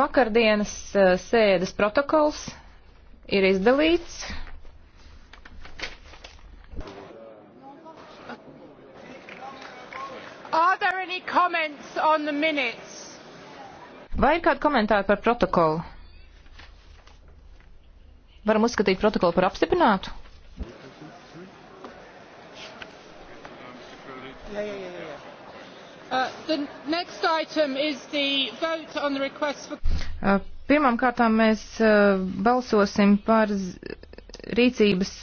Vakardienas eh, sēdes protokols ir izdalīts. Vai ir kādi komentāri par protokolu? Varam uzskatīt protokolu par apstiprinātu? Jā, jā, jā, jā. Uh, uh, Pirmām kārtām mēs uh, balsosim par rīcības